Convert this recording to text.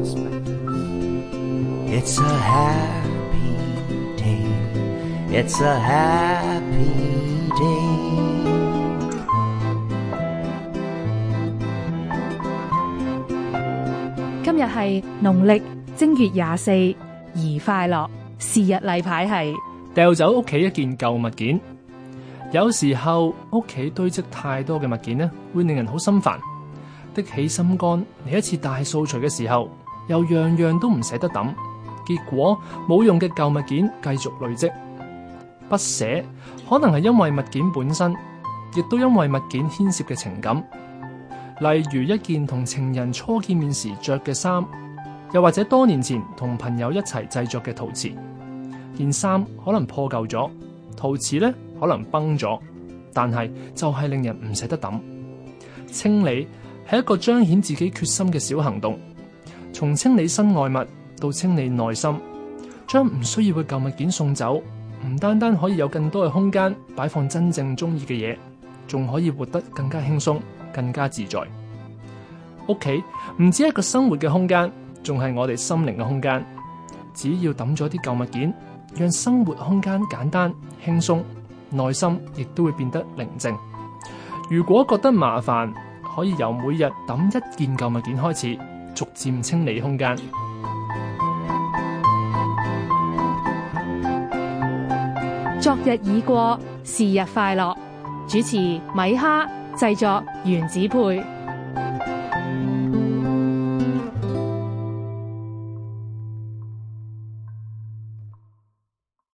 今日係農曆正月廿四，宜快樂。是日例牌係掉走屋企一件舊物件。有時候屋企堆積太多嘅物件咧，會令人好心煩。的起心肝嚟一次大掃除嘅時候。又樣樣都唔捨得抌，結果冇用嘅舊物件繼續累積。不捨可能係因為物件本身，亦都因為物件牽涉嘅情感。例如一件同情人初見面時着嘅衫，又或者多年前同朋友一齊製作嘅陶瓷。件衫可能破舊咗，陶瓷呢可能崩咗，但係就係令人唔捨得抌。清理係一個彰顯自己決心嘅小行動。從清理身外物到清理內心，將唔需要嘅舊物件送走，唔單單可以有更多嘅空間擺放真正中意嘅嘢，仲可以活得更加輕鬆、更加自在。屋企唔止一個生活嘅空間，仲係我哋心靈嘅空間。只要抌咗啲舊物件，讓生活空間簡單輕鬆，內心亦都會變得寧靜。如果覺得麻煩，可以由每日抌一件舊物件開始。逐漸清理空間。昨日已過，是日快樂。主持米哈，製作原子配。